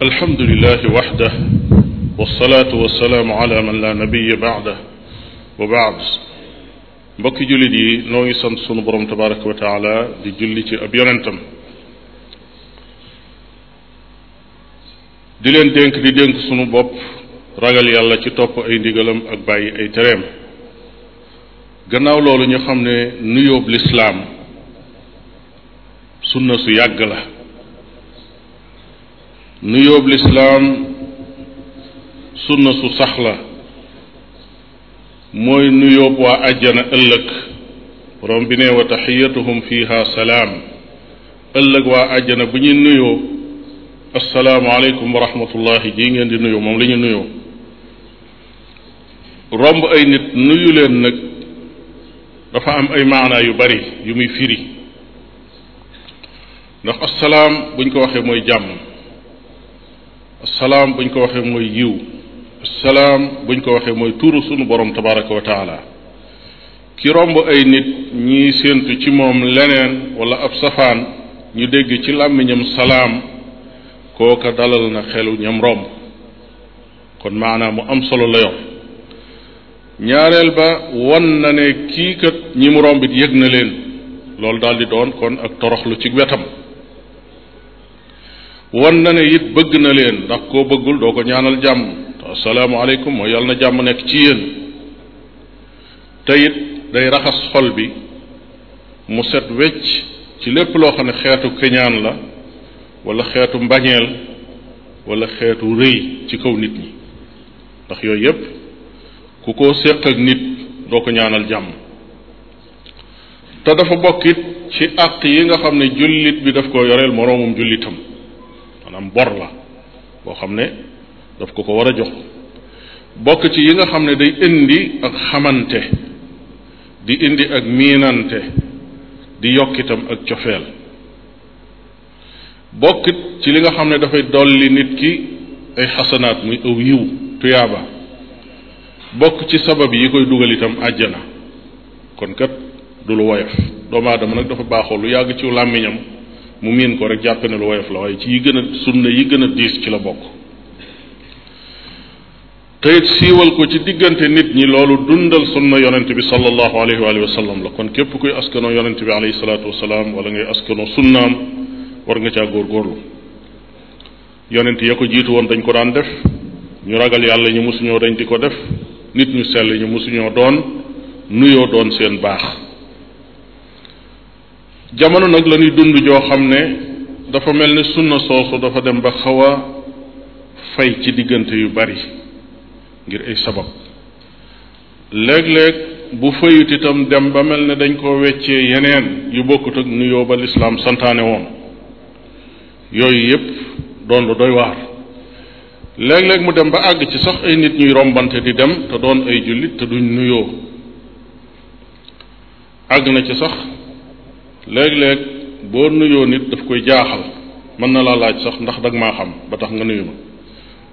alhamdulilahi waxda wasalaatu wasalaamu ala man la nabiya baada wa baad mbokki jullit yi noo ngi sant sunu borom tabaraka wa taala di julli ci ab yonentam di leen dénk di dénk sunu bopp ragal yàlla ci topp ay ndigalam ak bay ay tereem gannaaw loolu ñu xam ne nuyóob lislaam sunna su yàgg la nu lislaam sunna su sax la mooy nu waa àjjana ëllëg borom bi ne wa taxiyatuhum salaam ëllëg waa àjjana bu ñuy nuyoo asalaamualeykum wa rahmatullahi jii ngeen di nuyoo moom la ñu nuyoo romb ay nit nuyu leen nag dafa am ay maanaa yu bari yu muy firi ndax asalaam buñ ko waxee mooy jàmm salaam buñ ko waxee mooy yiw salaam buñ ko waxee mooy tuuru sunu boroom tabaraka wa ki romb ay nit ñiy séentu ci moom leneen wala ab safaan ñu dégg ci làmmiñam salaam kooka dalal na xelu ñam romb kon maanaam mu am solo la ñaareel ba wan na ne kii kat ñi mu rombit yëg na leen loolu daldi doon kon ak toroxlu ci wetam wan na ne it bëgg na leen ndax koo bëggul doo ko ñaanal jàmm te asalaamaaleykum mooy yàlla na jàmm nekk ci yéen te it day raxas xol bi mu set wecc ci lépp loo xam ne xeetu keñaan la wala xeetu mbañeel wala xeetu rëy ci kaw nit ñi ndax yooyu yépp ku ko séq ak nit doo ko ñaanal jàmm te dafa bokkit ci àq yi nga xam ne jullit bi daf ko yoreel moroomum jullitam bor la boo xam ne daf ko ko war a jox bokk ci yi nga xam ne day indi ak xamante di indi ak miinante di yokkitam ak cofeel bokk ci li nga xam ne dafay dolli nit ki ay xasanaat muy aw yiw tuyaaba bokk ci sabab yi koy dugal itam àjjana kon kat du lu woyof doomu aadama nag dafa baaxoo lu yàgg ci làmmiñam mu miin ko rek jàppe ne lu woyof la waaye ci yi gën a sunna yi gën a diis ci la bokk teyit siiwal ko ci diggante nit ñi loolu dundal sunna yonent bi sallallahu alayhi wa sallam la kon képp kuy askanoo yonent bi alayhi salaatu wasalaam wala ngay askanoo sunnaam war nga góor góorgóorlu yonent yee ko jiitu woon dañ ko daan def ñu ragal yàlla ñu mosuñoo dañ di ko def nit ñu sell ñu mosuñoo doon nuyoo doon seen baax jamono nag la dund joo xam ne dafa mel ni sunna soosu dafa dem ba xaw a fay ci diggante yu bari ngir ay sabab léeg-léeg bu fayut itam dem ba mel ne dañ koo weccee yeneen yu bokkut ak nuyoo ba lislaam santaane woon yooyu yépp doon lu doy waar léeg-léeg mu dem ba àgg ci sax ay nit ñuy rombante di dem te doon ay jullit te duñ nuyoo àgg na ci sax léegi léeg boo nuyoo nit daf koy jaaxal mën na laa laaj sax ndax dag maa xam ba tax nga nuyu ma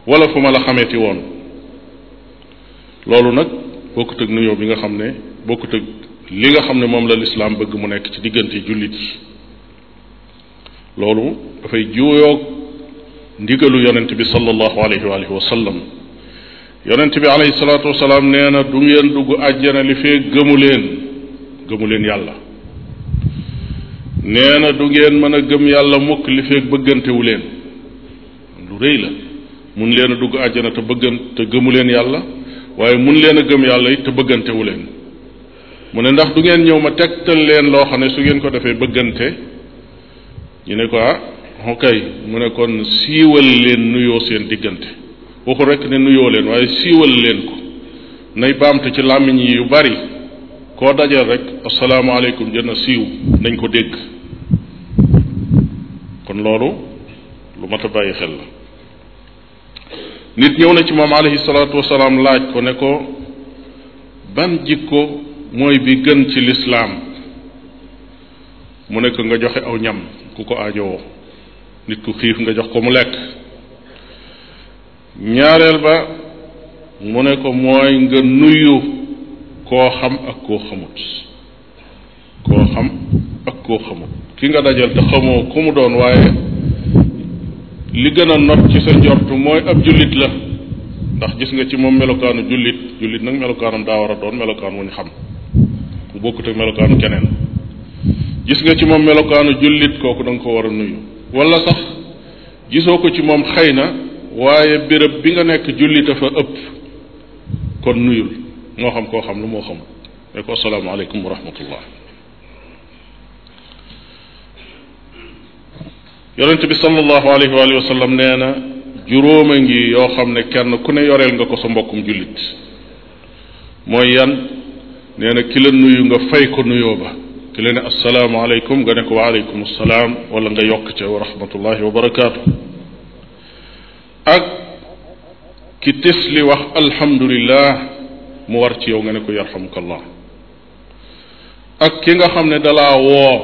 wala fu ma la xameeti woon loolu nag bokkut ak nuyoo bi nga xam ne bokkut ak li nga xam ne moom la lislaam bëgg mu nekk ci diggante jullit yi loolu dafay juuyoog ndigalu yonent bi sallallahu alayhi wa alihi wa sallam yonent bi alayhi salaatu wasalaam nee na du ngeen dugg àjjana li fee gëmu leen gëmu leen yàlla nee na du ngeen mën a gëm yàlla mukk li bëggantewu leen lu rëy la mun leen a dugg àjjana te bëggan te gëmu leen yàlla waaye mun leen a gëm yàlla it te bëggantewu leen mu ne ndax du ngeen ñëw ma tegtal leen loo xam ne su ngeen ko defee bëggante ñu ne ko ah ok mu ne kon siiwal leen nuyoo seen diggante waxu rek ne nuyoo leen waaye siiwal leen ko nay baamtu ci làmmiñ yi yu bari koo dajal rek asalaamaaleykum jën a siiw nañ ko dégg kon loolu lu mat a bàyyi xel la nit ñëw na ci moom alayhi salaatu salaam laaj ko ne ko ban jikko mooy bi gën ci lislaam mu ne ko nga joxe aw ñam ku ko aajowoo nit ku xiif nga jox ko mu lekk ñaareel ba mu ne ko mooy nga nuyu koo xam ak koo xamut koo xam ak koo xamut ki nga dajal te xamoo ku mu doon waaye li gën a not ci sa njort mooy ab jullit la ndax gis nga ci moom melokaanu jullit jullit nag melokaanam daa war a doon melokaan wu ñu xam bokkut ak keneen gis nga ci moom melokaanu jullit kooku da nga ko war a nuyu wala sax gisoo ko ci moom xëy na waaye béréb bi nga nekk jullit a fa ëpp kon nuyul noo xam koo xam lu moo xamul ne ko asalaamaaleykum wa rahmatullah bi salallahu alayhi waalihi wa sallam nee na juróoma yoo xam ne kenn ku ne yoreel nga ko sa mbokkum jullit mooy yan nee na ki la nuyu nga fay ko nuyoo ba ki la ne ne ko waaleykum salaam wala nga yokk ca wa rahmatullahi barakaatu ak ki li wax alhamdulillah mu war ci yow nga ne ko yarhamukallah ak ki nga xam ne dalaa woo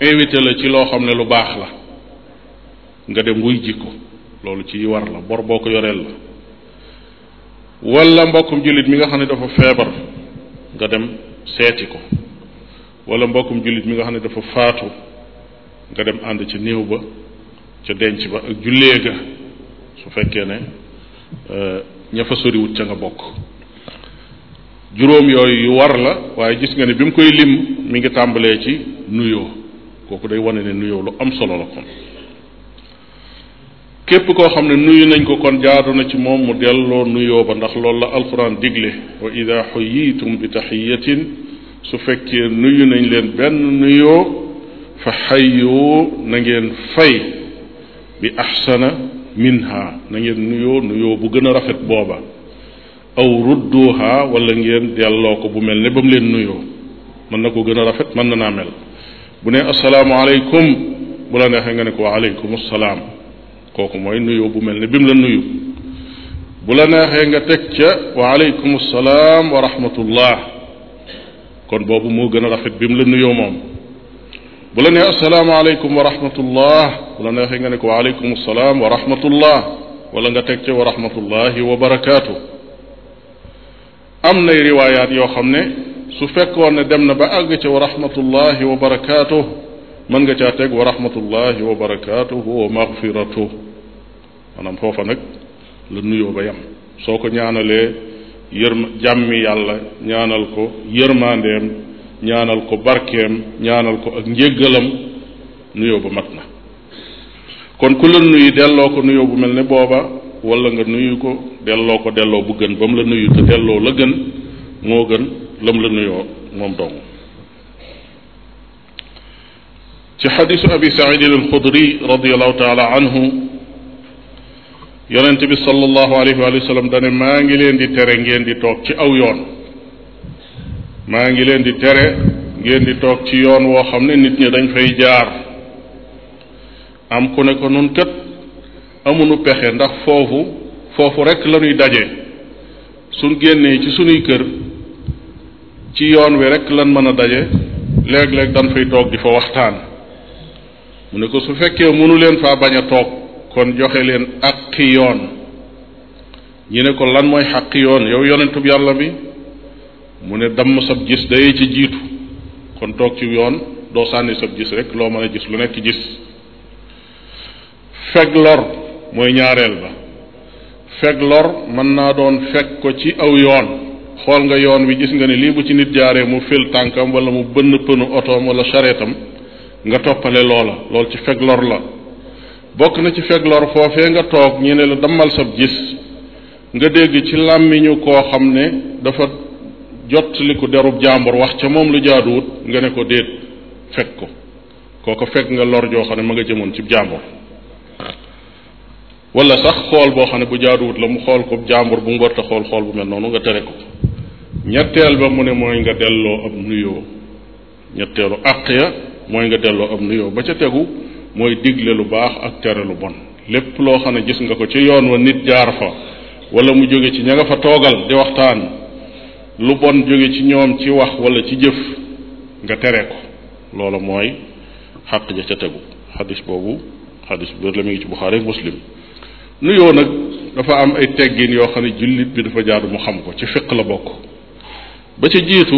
invité la ci loo xam ne lu baax la nga dem wuy jikko loolu ci war la bor boo ko yoreel la wala mbokkum jullit mi nga xam ne dafa feebar nga dem seeti ko wala mbokkum jullit mi nga xam ne dafa faatu nga dem ànd ca néew ba ca denc ba ak jullee ga su fekkee ne euh, ña fa soriwut ca nga bokk juróom yooyu yu war la waaye gis nga ne bi mu koy lim mi ngi tàmbalee ci nuyoo kooku day wane ne nuyoo lu am solo la kon képp koo xam ne nuyu nañ ko kon jaadu na ci moom mu delloo nuyoo ba ndax loolu la alquran digle wa ida xuyitum bi taxiyatin su fekkee nuyu nañ leen benn nuyoo fa xayyoo na ngeen fay bi axsana minha na ngeen nuyoo nuyoo bu gën a rafet booba aw rudduha wala ngeen delloo ko bu mel ne ba mu leen nuyoo mën na ko gën a rafet mën na naa mel bu ne asalaamaaleykum bu la neexee nga ne ko waaleykum salaam kooku mooy nuyoo bu mel ne bi mu la nuyu bu la neexee nga teg ca waaleykum salaam wa rahmatullah kon boobu moo gën a rafet bi mu la nuyoo moom bu la nee asalaamaaleykum wa rahmatullah bu la neexee nga ne ko waaleykum salaam wa rahmatullah wala nga teg ca wa rahmatullahi wa barakaatu. am nay riwaayaat yoo xam ne su fekkoon ne dem na ba àgg ca wa rahmatullahi wa barakaatuh mën nga caa teg wa rahmatullahi wa barakaatuhu wa magfiratuh maanaam foofa nag la nuyoo ba yam soo ko ñaanalee yërma yàlla ñaanal ko yërmaandeem ñaanal ko barkeem ñaanal ko ak njéggalam nuyoo ba mat na kon ku la nuyu delloo ko nuyoo bu mel ne booba wala nga nuyu ko delloo ko delloo bu gën ba mu la nuyu te delloo la gën moo gën la mu la nuyoo moom dong ci xadisu abi saidin alxudri radiallahu taala anhu yonente bi salallahu alayhi wa sallam dane maa ngi leen di tere ngeen di toog ci aw yoon maa ngi leen di tere ngeen di toog ci yoon woo xam ne nit ñi dañ fay jaar am ku ne ko nun kat nu pexe ndax foofu foofu rek la ñuy daje suñ génnee ci suñuy kër ci yoon wi rek lan mën a daje léeg-léeg dañ fay toog di fa waxtaan mu ne ko su fekkee mënu leen faa bañ a toog kon joxe leen ak àqi yoon ñi ne ko lan mooy xaqi yoon yow yonentub yàlla bi mu ne damm sab gis day ci jiitu kon toog ci yoon doo sànni sab gis rek loo mën a gis lu nekk gis feg lor mooy ñaareel ba fekk lor mën naa doon fekk ko ci aw yoon xool nga yoon wi gis nga ni lii bu ci nit jaaree mu fil tànkam wala mu bënn pënu otoom wala chareetam nga toppale loola lool ci fekk lor la bokk na ci fekk lor foofee nga toog ñu ne la dammal sab gis nga dégg ci làmmiñu koo xam ne dafa jot ko derub jàmbur wax ca moom lu jaaduwut nga ne ko déet fekk ko kooko fekk nga lor joo xam ne mu nga jëmoon ci jàmbur wala sax xool boo xam ne bu jaaduwut la mu xool ko jàmbur bu mu xool xool bu mel noonu nga tere ko ñetteel ba mu ne mooy nga delloo ab nuyoo ñetteelu àq ya mooy nga delloo ab nuyoo ba ca tegu mooy digle lu baax ak tere lu bon lépp loo xam ne gis nga ko ci yoon wa nit jaar fa wala mu jóge ci ña nga fa toogal di waxtaan lu bon jóge ci ñoom ci wax wala ci jëf nga tere ko loolu mooy xàq ja ca tegu xadis boobu xadis bu la mi ngi ci Buxaari Muslim nuyoo nag dafa am ay teggin yoo xam ne jullit bi dafa jaadu mu xam ko ci fiq la bokk ba ci jiitu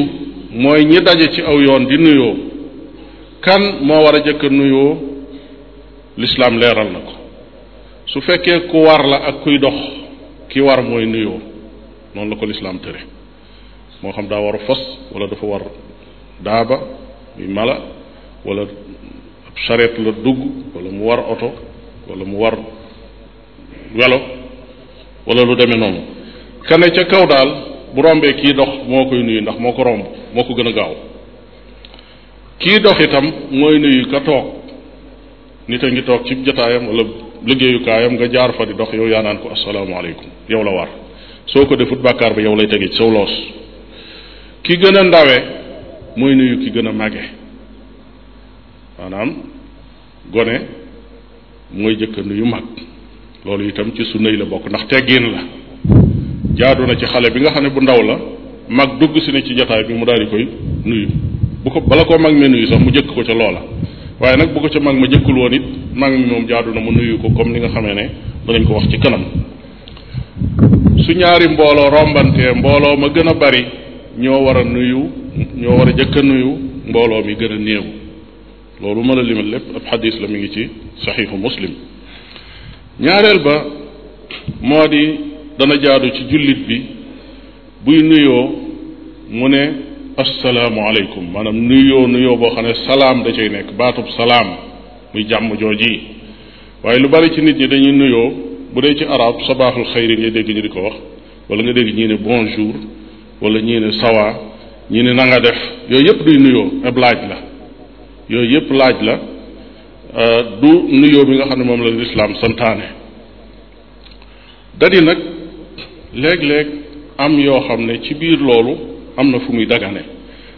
mooy ñi daje ci aw yoon di nuyoo kan moo war a jëkk nuyoo lislaam leeral na ko su fekkee ku war la ak kuy dox ki war mooy nuyoo noonu la ko lislaam tëre moo xam daa war a fas wala dafa war daaba muy mala wala ab charrette la dugg walla mu war oto wala mu war welo wala lu demee noonu ka ca kaw daal bu rombee kii dox moo koy nuyu ndax moo ko romb moo ko gën a gaaw kii dox itam mooy nuyu ka toog nit a ngi toog ci jotaayam wala liggéeyukaayam nga jaar fa di dox yow yaa naan ko asalaamaaleykum yow la war soo ko defut bàkkaar ba yow lay tege ci saw loos ki gën a ndawe mooy nuyu ki gën a màgge maanaam gone mooy jëkk a nuyu mag loolu itam ci sunna yi la bokk ndax teggin la jaadu na ci xale bi nga xam ne bu ndaw la mag dugg si ne ci jataay bi mu daal di koy nuyu bu ko bala koo mag me nuyu sax mu jëkk ko ca loola waaye nag bu ko ca mag ma jëkkul woon it mag mi moom jaadu na mu nuyu ko comme ni nga xamee ne danañ ko wax ci kanam su ñaari mbooloo rombantee mbooloo ma gën a bari ñoo war a nuyu ñoo war a jëkk a nuyu mbooloo mi gën a néew loolu mën a limal lépp ab xadis la mi ngi ci saxiixu muslim ñaareel ba moo di dana jaadu ci jullit bi buy nuyoo mu ne asalaamualeykum maanaam nuyoo nuyoo boo xam ne salaam da cay nekk baatub salaam muy jàmm jooji waaye lu bari ci nit ñi dañuy nuyoo bu dee ci arab sabaaxul xayri ngay dégg ñu di ko wax wala nga dégg ñii ne bonjour wala ñii ne sawa ñii ne nanga def yooyu yëpp duy nuyoo ab laaj la yooyu yëpp laaj la Euh, du nuyoo bi nga xam ne moom la lislaam santaane dadi nag léeg-léeg am yoo xam ne ci biir loolu am na fu muy dagane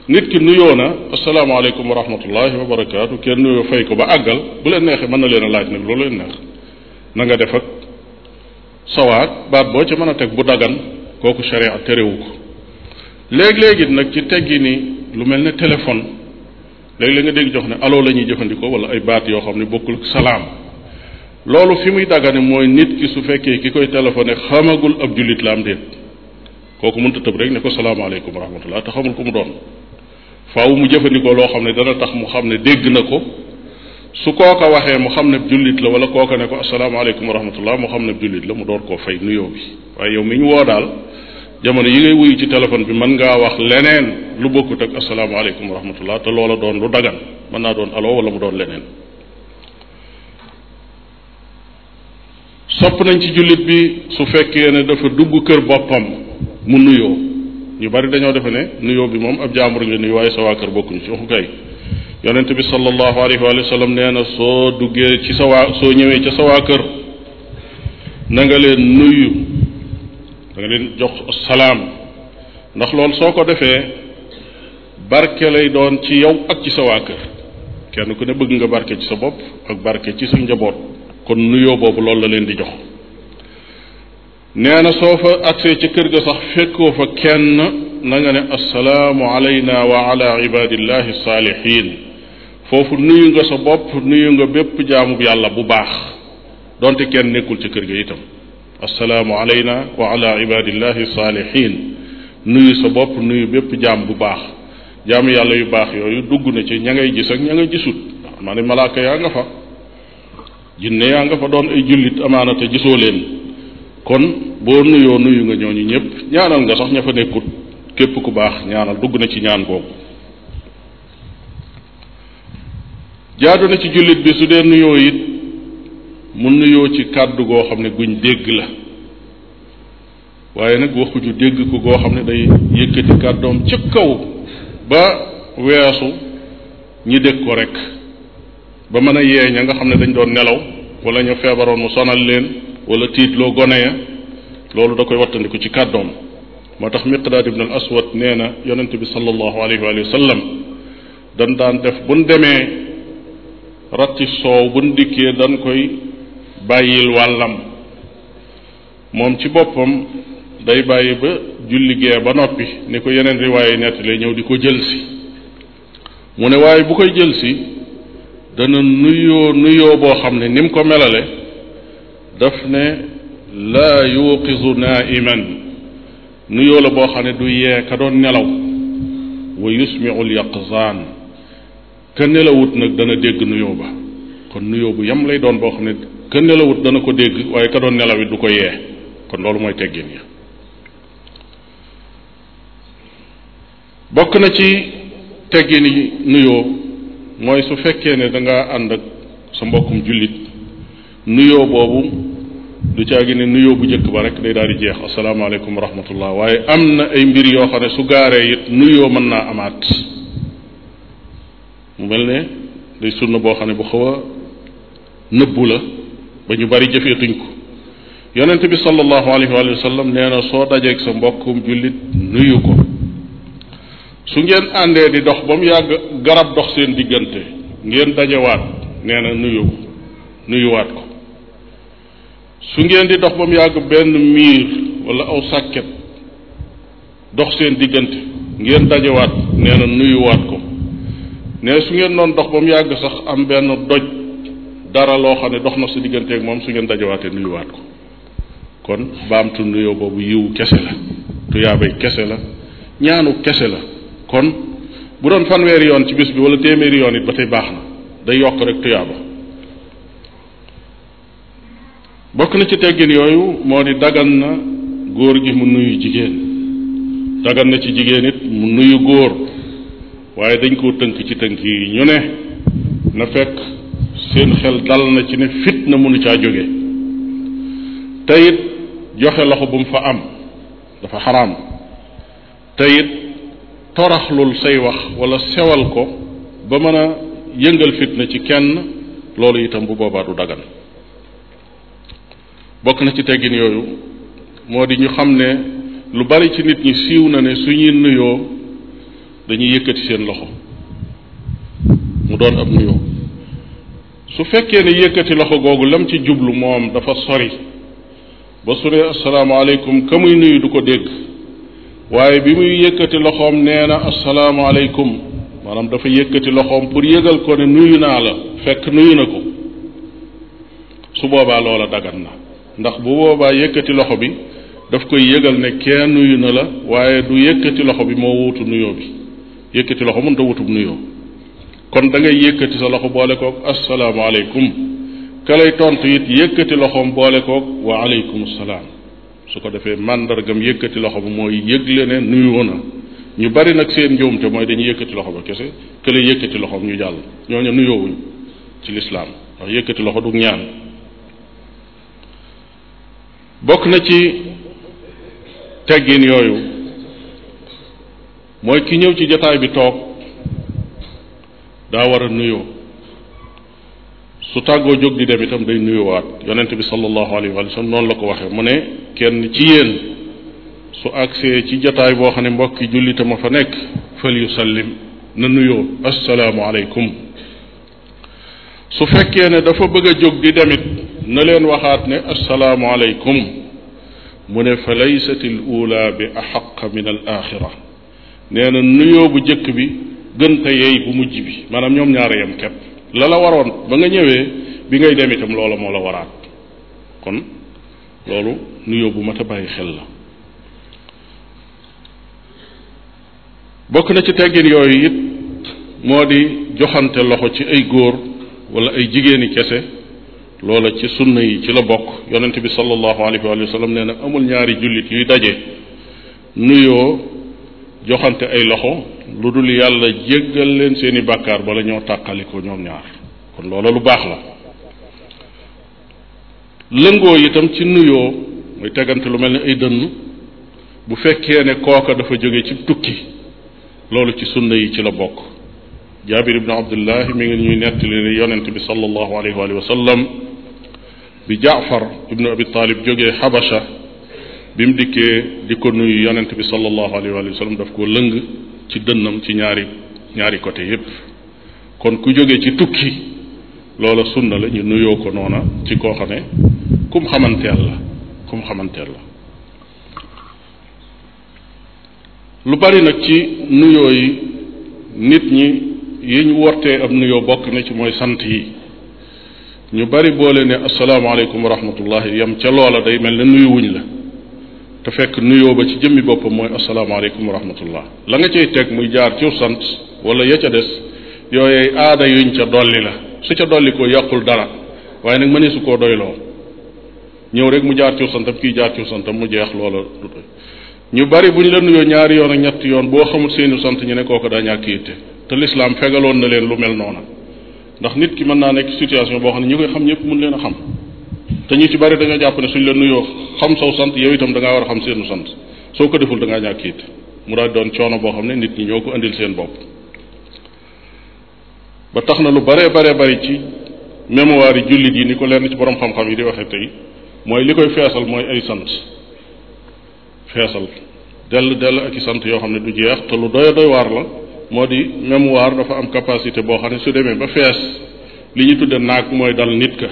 nit ki nuyoo na asalaamaaleykum wa rahmatullahi wa barakaatu kenn nuyoo fay ko ba àggal bu leen neexee mën na leen a laaj nag loolu leen neex na nga def ak sawaat baat boo ci mën a teg bu dagan kooku sharia terewu ko léeg-léeg nag ci teggi ni lu mel ni téléphone léegi léeg nga dégg jox ne aloo la ñuy jëfandikoo wala ay baat yoo xam ne bokkul salaam loolu fi muy dagane mooy nit ki su fekkee ki koy téléphoné xamagul ab jullit la am déet kooku mënta tëb rek ne ko salaamaaleykum wa rahmatullah ku mu doon faaw mu jëfandikoo loo xam ne dana tax mu xam ne dégg na ko su kooka waxee mu xam ne jullit la wala kooka ne ko asalaamaaleykum wa rahmatullah mu xam ne jullit la mu doon koo fay nuyoo bi waaye yow mi ñu woo daal jamono yi ngay wuyu ci téléphone bi mën ngaa wax leneen lu bokkut ak asalaamaaleykum wa rahmatullah te loola doon lu dagan mën naa doon alo wala mu doon leneen sopp nañ ci jullit bi su fekkee ne dafa dugg kër boppam mu nuyoo ñu bari dañoo defe ne nuyoo bi moom ab jaambur nga nuyu waaye sa kër bokkuñu ci waxu kay yonent bi sallallahu alayhi wa sallam nee na soo duggee ci sa soo ñëwee ca sa waa kër na leen nuyu da nga leen jox salaam ndax lool soo ko defee barke lay doon ci yow ak ci sa waa kër kenn ku ne bëgg nga barke ci sa bopp ak barke ci sa njaboot kon nuyoo boobu loolu la leen di jox nee na soo fa agsee ci kër ga sax fekkoo fa kenn na nga ne assalaamu alayna wa ala ibadillahi saalihin foofu nuyu nga sa bopp nuyu nga bépp jaamu yàlla bu baax doonte kenn nekkul ci kër ga itam assalaamu alayna wa ala ibadillahi saalihin nuyu sa bopp nuyu bépp jaam bu baax jaam yàlla yu baax yooyu dugg na ci ña ngay gis ak ña nga gisut maa ne malaaka yaa nga fa jinne yaa nga fa doon ay jullit amaana te gisoo leen kon boo nuyoo nuyu nga ñooñu ñëpp ñaanal nga sax ña fa nekkut képp ku baax ñaanal dugg na ci ñaan googu jaadu na ci jullit bi su dee nuyoo it na nuyoo ci kàddu goo xam ne guñ dégg la waaye nag waxuju dégg ko goo xam ne day yëkkati kàddoom ci kaw ba weesu ñi dégg ko rek ba mën a yee ña nga xam ne dañ doon nelaw wala ñu feebaroon mu sonal leen wala loo gone ya loolu da koy wattandiku ci kàddoom moo tax miqdaad ibn al aswad nee na yonente bi sallallahu alayhi wa sallam dan daan def buñ demee ratti soow buñ dikkee dan koy bàyyil wàllam moom ci boppam day bàyyi ba julligee ba noppi ni ko yeneen riwaaye nettali ñëw di ko jëlsi mu ne waaye bu koy jëlsi dana nuyoo nuyoo boo xam ne ni mu ko melale daf ne laa yuqizu naiman nuyoo la boo xam ne du yee ka doon nelaw wa yusmiu lyaqzaan ka nelawut nag dana dégg nuyoo ba kon nuyoo bu yam lay doon boo xam ne ka nelawut dana ko dégg waaye ka doon nelawit du ko yee kon loolu mooy teggin ya bokk na ci teggin yi nuyoo mooy su fekkee ne danga ànd ak sa mbokkum jullit nuyoo boobu du caagi ne nuyoo bu njëkk ba rek day daal di jeex asalaamaaleykum wa rahmatullah waaye am na ay mbir yoo xam ne su gaaree it nuyoo mën naa amaat mu mel ne day sunna boo xam ne bu xaw a nëbbu la ba ñu bari jëfeetuñ ko yonent bi sallallahu alayhi wa sallam nee na soo dajeeg sa mbokkum jullit nuyu ko su ngeen àndee di dox ba mu yàgg garab dox seen diggante ngeen dajewaat nee na nuyu ko nuyuwaat ko su ngeen di dox ba yàgg benn miir wala aw sàkket dox diggante ngeen dajewaat nee nuyuwaat ko ne su ngeen dox ba mu yàgg sax am benn doj dara loo xam ne dox na sa digganteeg moom su ngeen dajawaatee nuyuwaat ko kon baamtu nuyoo boobu yiwu kese la tuyaabay kese la ñaanu kese la kon bu doon fanweeri yoon ci bis bi wala téeméeri yoon it ba tey baax na day yokk rek tuyaaba bokk na ci teggin yooyu moo di dagan na góor gi mu nuyu jigéen dagan na ci jigéen it mu nuyu góor waaye dañ koo tënk ci tënk yi ñu ne na fekk seen xel dal na ci ne fitna mënu caa jóge te it joxe loxo bu mu fa am dafa xaraam te it toraxlul say wax wala sewal ko ba mën a yëngal fitna ci kenn loolu itam bu boobaa du dagan bokk na ci teggin yooyu moo di ñu xam ne lu bari ci nit ñi siiw na ne su suñuy nuyoo dañuy yëkkati seen loxo mu doon ab nuyoo su fekkee ne yëkkati loxo googu lam ci jublu moom dafa sori ba su ne asalaamaaleykum ka muy nuyu du ko dégg waaye bi muy yëkkati loxoom nee na asalaamaaleykum maanaam dafa yëkkati loxoom pour yëgal ko ne nuyu naa la fekk nuyu na ko su boobaa loola dagan na ndax bu boobaa yëkkati loxo bi daf koy yëgal ne kenn nuyu na la waaye du yëkkati loxo bi moo wuutu nuyoo bi yëkkati loxo mënta wutub nuyoo kon dangay ngay yëkkati sa loxo boole koog asalaamaaleykum ka lay tontu it yëkkati loxoom boole koog wa aleykum salaam su ko defee màndargam yëkkati loxo ba mooy yëgle ne nuyoo na ñu bari nag seen njuumte mooy dañuy yëkkati loxo ba kese ka lay yëkkati loxoom ñu jàll ñooñu nuyoowuñ ci lislaam ndax yëkkati loxo du ñaan bokk na ci teggin yooyu mooy ki ñëw ci jataay bi toog. daa war a nuyoo su tàggoo jóg di dem itam day nuyuwaat yonent bi sallallahu alayhi wa noonu la ko waxee mu ne kenn ci su agsee ci jataay boo xam ne mbokki jullite ma fa nekk fal yusallim na nuyoo assalaamu aleykum su fekkee ne dafa bëgg a jóg di demit na leen waxaat ne assalaamu aleykum mu ne fa laysat al bi axaqa min al nee na nuyoo bu jëkk bi gën te yey bu mujj bi maanaam ñoom ñaara yam kepp la waroon ba nga ñëwee bi ngay dem itam loola moo la waraat kon loolu nuyoo bu mat a bàyyi xel la bokk na ci teggin yooyu it moo di joxante loxo ci ay góor wala ay jigéeni kese loola ci sunna yi ci la bokk yonent bi sallallahu alayhi wa sallam nee amul ñaari jullit yuy daje nuyoo joxante ay loxo lu dul yàlla jéggal leen seeni bakkaar bala ñoo tàqaliko ñoom ñaar kon loola lu baax la lëngoo itam ci nuyoo muy tegante lu mel ni ay dënn bu fekkee ne kooka dafa jóge ci tukki loolu ci sunna yi ci la bokk jaabir ibnu abdullah mi ngi ñuy nettali ne yonant bi sallallahu alayhi wa sallam bi jaafar ibnu abi talib jógee xabasha bi mu dikkee di ko nuyu yonent bi sallallahu alayhi wa sallam daf ko lëng ci dënnam ci ñaari ñaari côté yépp kon ku jóge ci tukki loola sunna la ñu nuyoo ko noona ci koo xam ne kum xamanteel la kum xamanteel la lu bari nag ci nuyoo yi nit ñi yi ñu wortee ab nuyoo bokk na ci mooy sant yi ñu bari boole ne asalaamaaleykum wa rahmatullahi yam ca loola day mel ne nuyuwuñ la te fekk nuyoo ba ci jëmmi boppam mooy asalaamaaleykum wa rahmatullah la nga cay teg muy jaar ciw sant wala ya ca des yooy aada yuñ ca dolli la su ca dolli ko yàqul dara waaye nag mënee su koo doyloo ñëw rek mu jaar ciw santam kii jaar ciw santam mu jeex loola du ñu bari bu ñu la nuyoo ñaari yoon ak ñetti yoon boo xamul seenu sant ñu ne kooko daa ñàkk yitte te lislaam fegaloon na leen lu mel noona ndax nit ki mën naa nekk situation boo xam ne ñi xam ñëpp mën leen a xam te ñu ci bari dañoo jàpp ne suñ la nuyoo xam saw sant yow itam da war a xam seenu sant soo ko deful da ngaa ñàkk it mu daal doon coono boo xam ne nit ñi ñoo ko indil seen bopp. ba tax na lu baree baree bari ci mémoire jullit yi ni ko lenn ci borom xam-xam yi di waxee tey mooy li koy feesal mooy ay sant feesal dell dell ak i sant yoo xam ne du jeex te lu doy doy waar la moo di mémoire dafa am capacité boo xam ne su demee ba fees li ñu tudde naag mooy dal nit ka.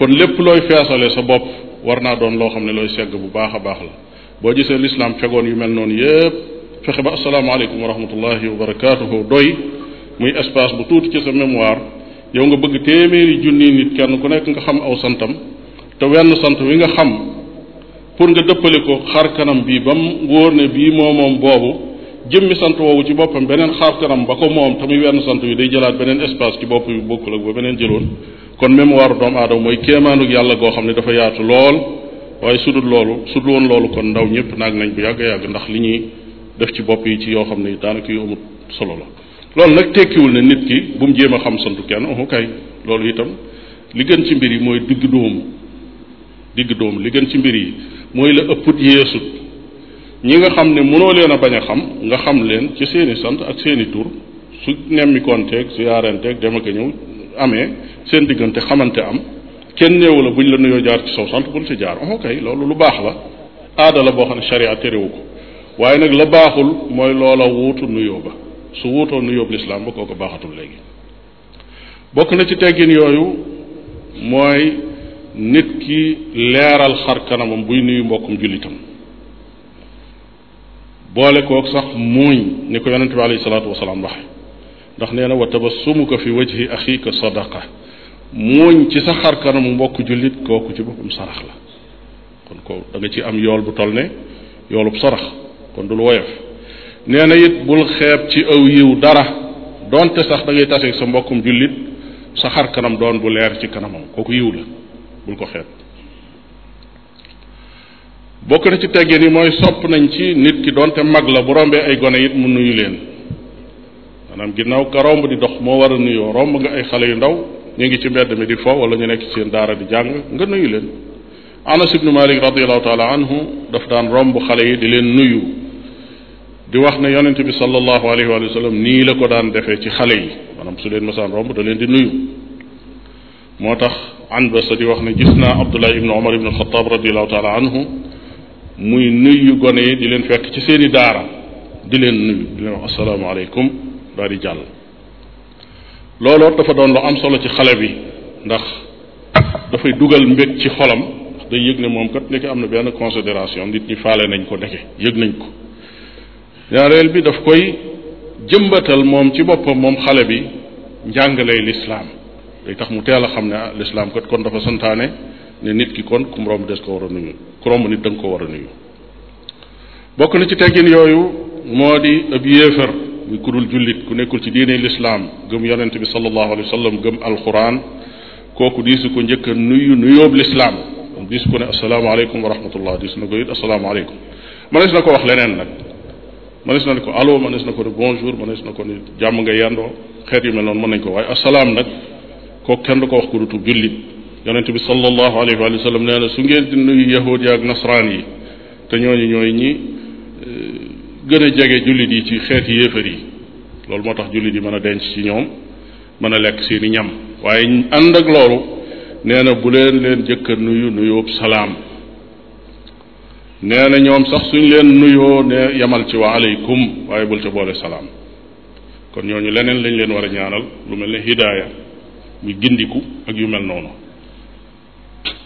kon lépp looy feesale sa bopp war naa doon loo xam ne looy segg bu baax a baax la boo gisee lislaam fegoon yu mel noonu yépp fexe ba asalaamaaleykum wa rahmatullahi wa barakaatuhu doy muy espace bu tuuti ci sa mémoire yow nga bëgg téeméeri junni nit kenn ku nekk nga xam aw santam te wenn sant wi nga xam pour nga dëppale ko xar kanam bii ba mu wóor ne bii moo moom boobu jëmmi sant woowu ci boppam beneen xaarkanam ba ko moom tamuy wenn sant wi day jëlaat beneen espace ci bopp yu bokkul ak ba beneen jëloon kon mémoire doom aadama mooy kéemaanug yàlla goo xam ne dafa yaatu lool waaye sudul loolu sudul loolu kon ndaw ñëpp naag nañ bu yàgg yàgg ndax li ñuy def ci bopp yi ci yoo xam ne daanaka yu amul solo la loolu nag tekkiwul ne nit ki bu mu jéem a xam santu kenn oho kay loolu itam li gën ci mbir yi mooy digg dóomu digg li gën ci mbir yi mooy la ëpput yeesut ñi nga xam ne mënoo leen a bañ a xam nga xam leen ci seeni sant ak seeni tur su nemmikonteeg siyaarenteeg dem ak a ñëw amee seen diggante xamante am kenn néewu la buñ la nuyoo jaar ci saw sant bul ci jaar ok oh, loolu lu baax la aadala boo xam ne sharia terewu ko waaye nag la baaxul mooy loola wuutu nuyoo ba su wuutoo nuyoo bu lislaam ba ko baaxatul léegi bokk na ci teggin yooyu mooy nit ki leeral xar kanamam buy nuyu mbokkum jullitam boole kook sax muuñ ni ko yonente bi alayhi salaatu wasalaam waxe ndax nee na wa tabassumuka fi wajhi axiika sadaqa muuñ ci sa xar kanamu mbokk jullit kooku ci boppam sarax la kon ko da ci am yool bu toll ne yoolub sarax kon dul woyof nee na it bul xeeb ci aw yiw dara donte sax da ngay taseeg sa mbokkum jullit sa xar kanam doon bu leer ci kanamam kooku yiw la bul ko xeeb bokk na ci teggin yi mooy sopp nañ ci nit ki doonte mag la bu rombee ay gone it mu nuyu leen maanaam ginnaaw ka romb di dox moo war a nuyoo romb nga ay xale yu ndaw ñu ngi ci mbedd mi di fo wala ñu nekk ci seen daara di jàng nga nuyu leen anas ibnu malik radiallahu taala anhu daf daan romb xale yi di leen nuyu di wax ne yonente bi salallahu alayhi wa sallam nii la ko daan defee ci xale yi maanaam su leen masaan romb da leen di nuyu moo tax an basa di wax ne gis naa abdullah ibnu omar ibnu alxataab muy nuyu gone yi di leen fekk ci seeni daara di leen nuyu di leen wax asalaamaaleykum daal di jàll looloo dafa doon lu am solo ci xale bi ndax dafay dugal mbég ci xolam day yëg ne moom kat nekk am na benn considération nit ñi faale nañ ko nekke yëg nañ ko ñaareel bi daf koy jëmbatal moom ci boppam moom xale bi njàngalay lislaam day tax mu teel a xam ne ah lislaam kat kon dafa santaane ne nit ki kon kum romb des ko war a nuyu ku romb nit da ko war a nuyu bokk na ci teggin yooyu moo di ab yéefar muy kudul jullit ku nekkul ci diine lislaam gëm yonente bi sallallahu alayhi wa sallam gëm alquran kooku diisu ko njëkk a nuyu nuyoob lislaam diis ko ne asalaamaaleykum wa rahmatullah diis na ko it asalaamaaleykum mënees ko wax leneen nag mënees na ko allo mënees na ko ne bonjour mënees na ko ne jàmm nga yendoo xeet yu mel noonu mën nañ ko waaye asalaam nag kooku kenn du wax ku dutu jullit yonent bi sallallahu alayhi wa sallam nee na su ngeen di nuyu yahuud ya ak nasraan yi te ñooñu ñooy eh, gën a jege jullit yi ci xeeti yéefar yi loolu moo tax jullit yi mën a denc ci ñoom mën a lekk seeni ñam waaye ànd ak loolu nee na bu leen leen jëkk a nuyu nuyoob salaam nee na ñoom sax suñ leen nuyoo ne yamal ci wa aleykum waaye bul ca boole salaam kon ñooñu leneen lañ leen war a ñaanal lu mel ne hidaaya muy gindiku ak yu mel noonu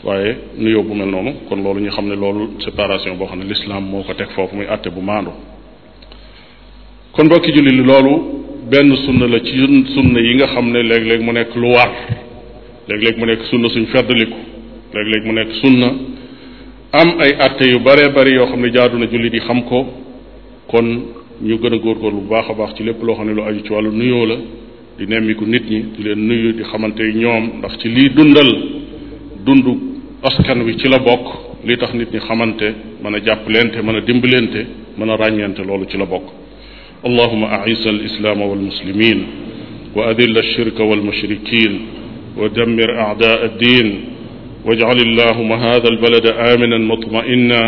waaye nuyoo bu mel noonu kon loolu ñu xam ne loolu séparation boo xam ne l'islam moo ko teg foofu muy àtte bu maandu kon mbokki julli li loolu benn sunna la ci sunna yi nga xam ne léeg-léeg mu nekk lu war léeg-léeg mu nekk sunna suñ feddaliku léeg-léeg mu nekk sunna am ay àtte yu bare bari yoo xam ne jaadu na jullit di xam ko kon ñu gën a góor bu baax a baax ci lépp loo xam ne lu aju ci wàllu nuyoo la di nemmiku nit ñi di leen nuyu di xamante ñoom ndax ci lii dundal dundu askan wi ci la bokk li tax nit ñi xamante mën a jàppalente mën a dimbalente mën a ràññeente loolu ci la bokk allahuma aisa alislaama walmuslimin wa adilla alshirka walmushrikin wa dammir aada addin wajcal allahuma hada albalada aminan mutmaina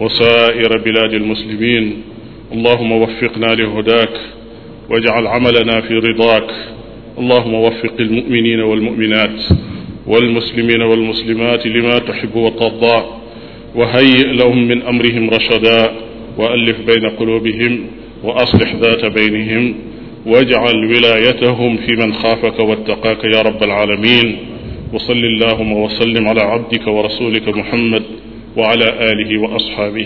wa saira biladi almuslimin allahuma wafiqna lihudaak wajcal camalana fi ridaak allahuma wafiq almuminina walmuminat والمسلمين والمسلمات لما تحب وترضى وهيئ لهم من أمرهم رشدا وألف بين قلوبهم وأصلح ذات بينهم واجعل ولايتهم في من خافك واتقاك يا رب العالمين وصل اللهم وسلم على عبدك ورسولك محمد وعلى آله وأصحابه